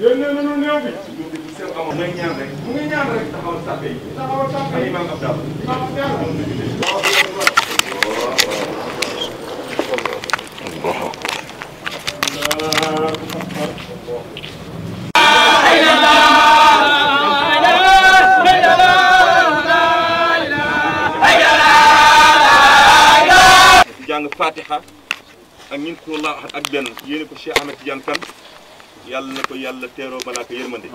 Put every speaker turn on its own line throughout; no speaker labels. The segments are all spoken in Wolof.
yónnee nañu néew bi. ñun de bu seen amoon ngay ñaan rek. mu ngi ñaan rek taxawal sàppe yi. taxawal sàppe yi Imam Abdallah. Imam Abdallah. jàng Fatiha ak ñun ko la ak benn yéene ko Cheikh Ahmed Tidiane Kane yàlla na ko yàlla teeroo malaaka yërmande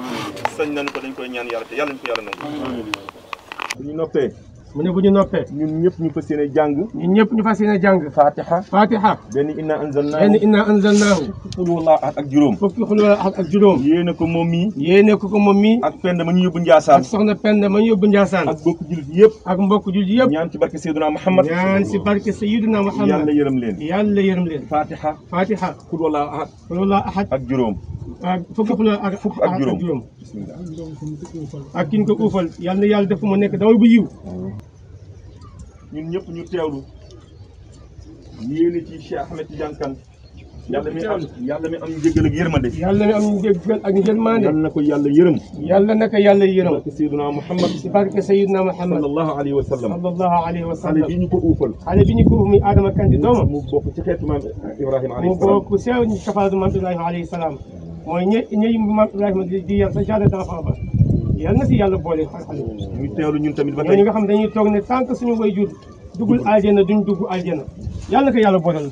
sañ nañu ko dañ koy ñaan yàlla te yàlla ñu ko yàlla nangu bu ñu noppee mu ne bu ñu noppee ñun ñëpp ñu fas yéene jàng ñun ñëpp ñu fas yéene jàng fatiha fatiha benn inna anzalnaahu benn inna anzalnaahu fukki xul wala ahad ak juróom fukki xul wala ahad ak juróom yéene ko moom mii yéene ko ko moom mii ak pend ma ñu yóbbu Njaasaan ak soxna pend ma ñu yóbbu Njaasaan ak mbokk jullit yëpp ak mbokk jullit yëpp ñaan ci barke Seydina Muhammad ñaan ci barke Seydina Muhammad yàlla yërëm leen yàlla yërëm leen fatiha fatiha xul wala ahad xul wala ahad ak juróom fukki xulóo ak fukk ak juróom ak kin ko uufal yal na yàlla def mu nekk dawal bu yiw ñun ñëpp ñu teewlu yéene ci Cheikh Ahmed Tidiane Kane yàlla mi am yàlla mi am njëggal ak yërmande yàlla mi am njëggal ak yërmande yàlla na ko yàlla yërëm yàlla na ko yàlla yërëm barke Seydina Muhammad si barke Seydina Muhammad sallallahu alayhi wa sallam sallallahu alayhi wa sallam xale bi ñu ko uufal xale bi ñu ko uuf muy Adama Kandi doomam mu bokk ci xeetu maam Ibrahima alayhi salaam mu bokk ci xeetu maam Ibrahima alayhi salaam mooy ñe ñe maam Ibrahima di di yar sa jardin d'enfant ba yal na si yàlla boole xale ñuy teewlu ñun tamit ba tey ñi nga xam dañuy toog ne tant que suñu way jur duggul aljana duñ dugg aljana yàlla na yàlla booleel.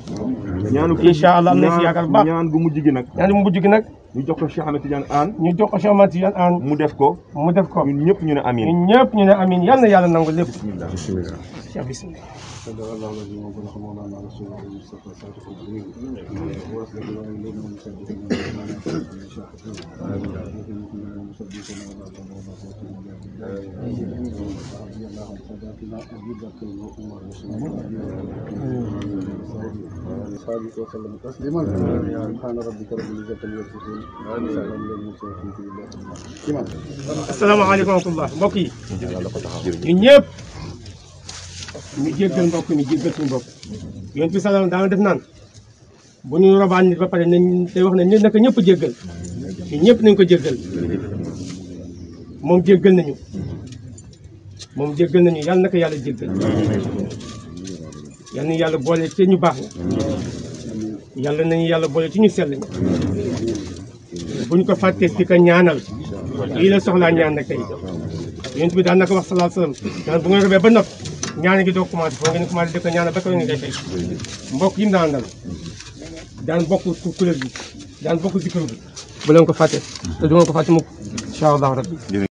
ñaanu incha allah am na bu baax ñaan bu mujj gi nag. mujj gi nag. ñu jox ko Cheikh Ahmed Tidiane Anne ñu jox ko Cheikh Ahmed Tidiane Anne mu def ko mu def ko ñun ñëpp ñu ne amin ñun ñëpp ñu ne amin yal na yàlla nangu lépp bismillah bismillah Cheikh bismillah sallallahu صادق وسلم تسليما سبحان ربك رب العزة يصفون asalaamaaleykum wa rahmatulah mbokk yi ñun ñëpp ñu jéggal mbokk mi jéggal suñu bopp yéen bi salaam daana def naan bu ñu robaan nit ba pare nañ day wax ne nit naka ñëpp jéggal ñun ñëpp nañ ko jéggal moom jéggal nañu moom jéggal nañu yàlla na ko yàlla jéggal yàlla yàlla boole ci ñu baax ñi yàlla nañu yàlla boole ci ñu sell ñi bu ñu ko fàttee di ko ñaanal lii la soxlaa ñaan na kay yonent daan na ko wax salaa salaam bu nga robee ba noppi ñaan gi doo commencé foo ngeen commencé di ko ñaanal ba ko ngeen koy mbokk yi mu daan dal daan bokk kuréel bi daan bokk zikar bi bu leen ko fàtte te du ngeen ko fàtte mukk incha allah rabbi